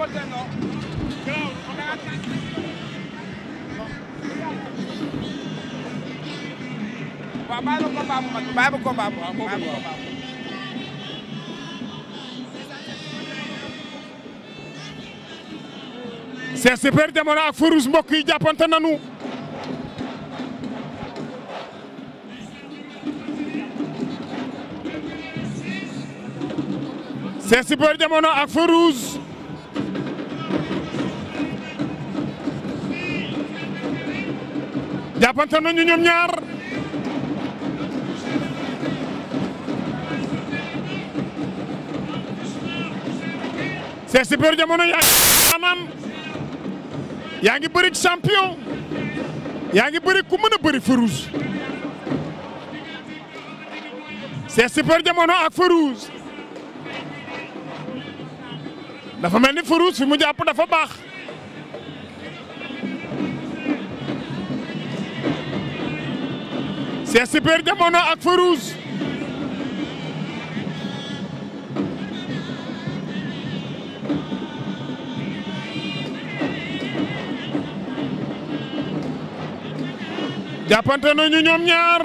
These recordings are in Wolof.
portello bravo waaw ak Farouz mbokk yi jàppante nanu c'est super jamono ak Farouz jàppante nañu ñoom ñaar Cheikh Super Diamono yaa ngi anaan yaa yaa ngi bëri ku mën a bëri Farouz Cheikh Super Diamono ak Farouz dafa mel ni Farouz fi mu jàpp dafa baax Cheikh Super Diamono ak Farouz jàppante nañu ñoom ñaar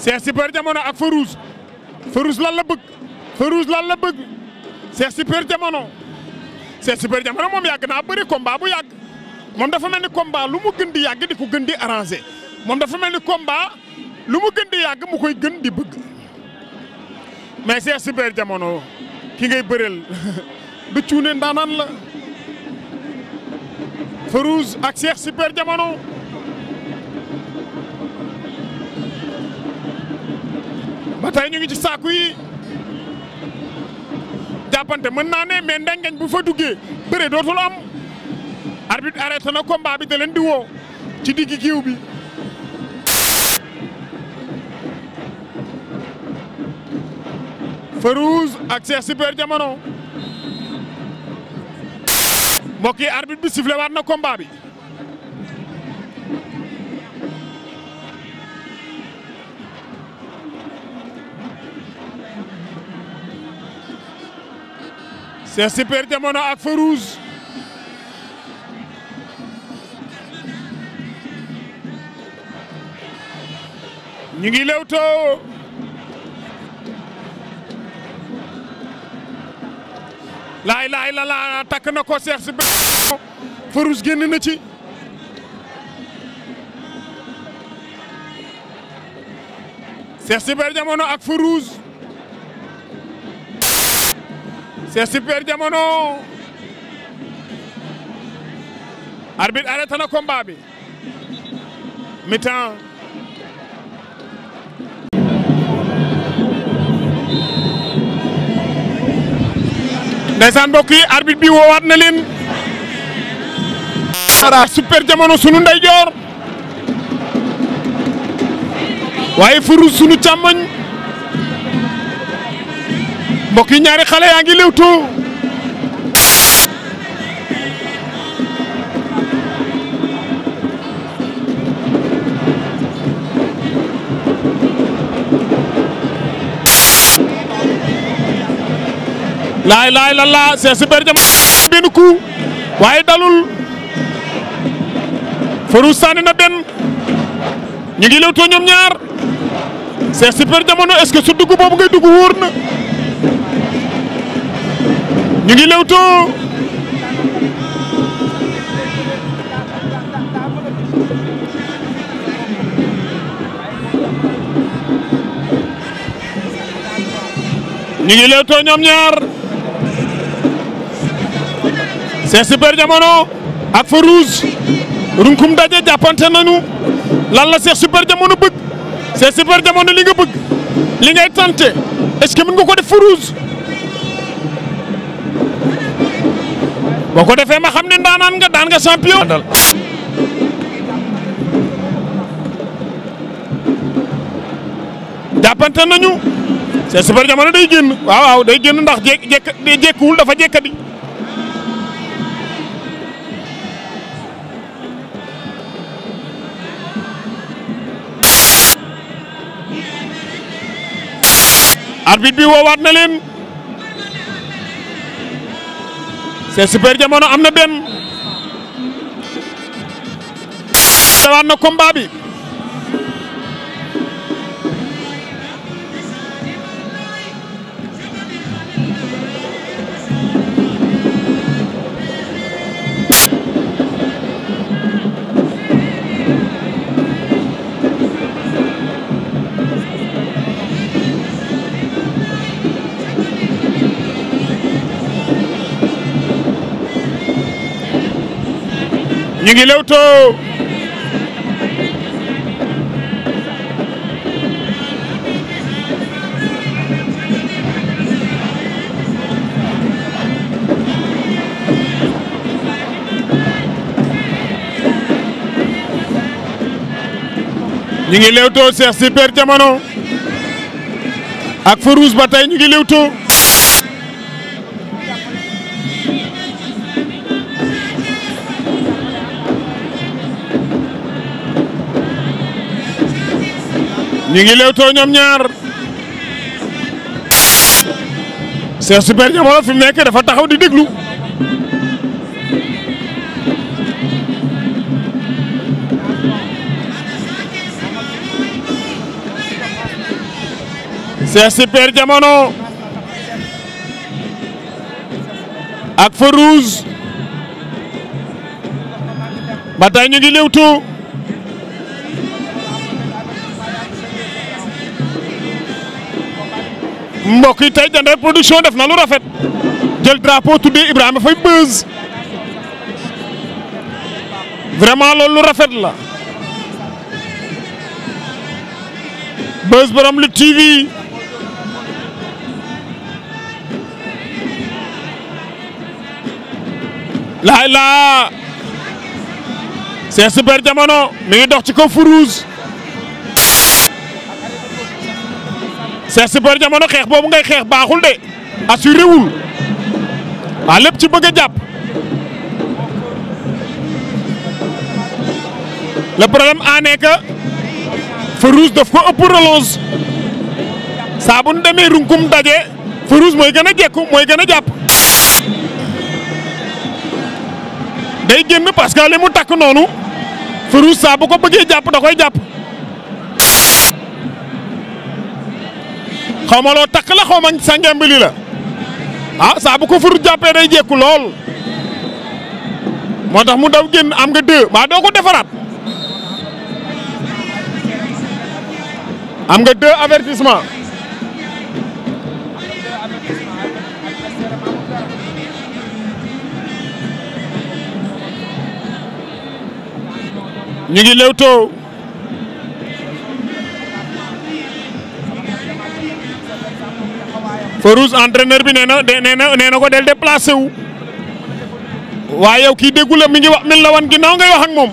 Cheikh Super ak Farouz Farouz la bëgg Farouz lan la bëgg Cheikh Super Jamono Cheikh Super Jamono moom yàgg naa bëri combat bu yàgg moom dafa mel ni combat lu mu gën di yàgg di ko gën di arrangé moom dafa mel ni combat lu mu gën di yàgg mu koy gën di bëgg mais Cheikh Super Jamono ki ngay bëreel du cuune ndaanaan la Farouz ak Cheikh Super Jamono ba tey ñu ngi ci saaku yi apante mën naa ne mais ndengeñ bu fa duggee bëre dootul am arbitre arrêté na combat bi leen di woo ci diggi giiw bi Farouz ak Cheikh Super Diamono mbokk yi bi sifflé waat na combat bi Cheikh Super Diamono ak Feu Rouge ñu ngi lewtoo laay laay la laa takk na ko Cheikh Super Feu Rouge génn na ci Cheikh Super Diamono ak Feu Cheikh Super Diamono arbitre arrêté na combat bi mi-temps ndeysaan mbokk yi arbitre bi woowaat na leen ara Super Diamono sunu ndeyjoor waaye furu sunu càmmoñ mbokk yi ñaari xale yaa ngi liwtu laay laay la la Cheikh benn coup waaye dalul Farouz sànni na benn ñu ngi lewtoo ñoom ñaar Cheikh Super Diamant est dugg boobu ngay dugg wóor na ñu ngi lewtoo ngi lewtoo ñoom ñaar c'est super jamono ak fa rouge runkum daje jàppante nañu lan la c'est super jamono bëgg c'est super jamono li nga bëgg li ngay tante est-ce que mën nga ko def feu rouge boo ko defee ma xam ne ndaanaan nga daan nga champion. jàppante nañu c'est super jamono day génn waaw waaw day génn ndax jé jékkuwul dafa jékkadi. arbitre bi woowaat na leen c'est super jamono am na benn dawaat na combat ñu ngi lewtoo ñu ngi lewtoo Cheikh Super Diamono ak Farouz ba tey ñu ngi lewtoo ñu ñaar Cheikh Super Diamano fi mu nekk dafa taxaw di déglu Cheikh Super Diamano ak Farouz ba tey ñu ngi lewtoo mbokk yi tey Diender production def na lu rafet jël drapeau tuddee Ibrahima Faye Beuz vraiment loolu lu rafet la Beuz borom lu TV laay laa c'est super jamono mi ngi dox ci kaw furuus Cheikh Super jamono xeex boobu ngay xeex baaxul de assuré wul waa lépp ci bëgg a jàpp le problème en est daf ko ëpp relance saa bu nu demee runkum daje Farouz mooy gën a jekku mooy gën a jàpp day génn parce que li mu takk noonu Farouz saabu bu ko bëggee jàpp da koy jàpp. xaw ma loo takk la xaw ma sàngeem bi li la ah saa ko fur jàppee day jékku lool moo tax mu daw génn am nga deux maa doo ko defaraat am nga deux avertissement ñu ngi lewtoo Farouz entraîneur bi nee na nee na nee na ko del déplacé wu waaye yow kii déggu la mi ngi wax min la wan ginnaaw ngay wax ak moom.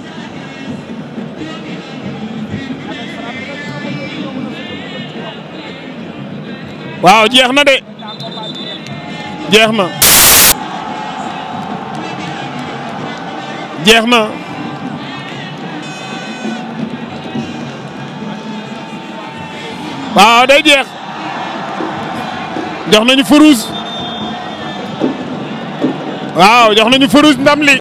waaw jeex na de jeex na jeex na waaw day jeex. jox nañu Fourouz waaw jox nañu Fourouz ndam li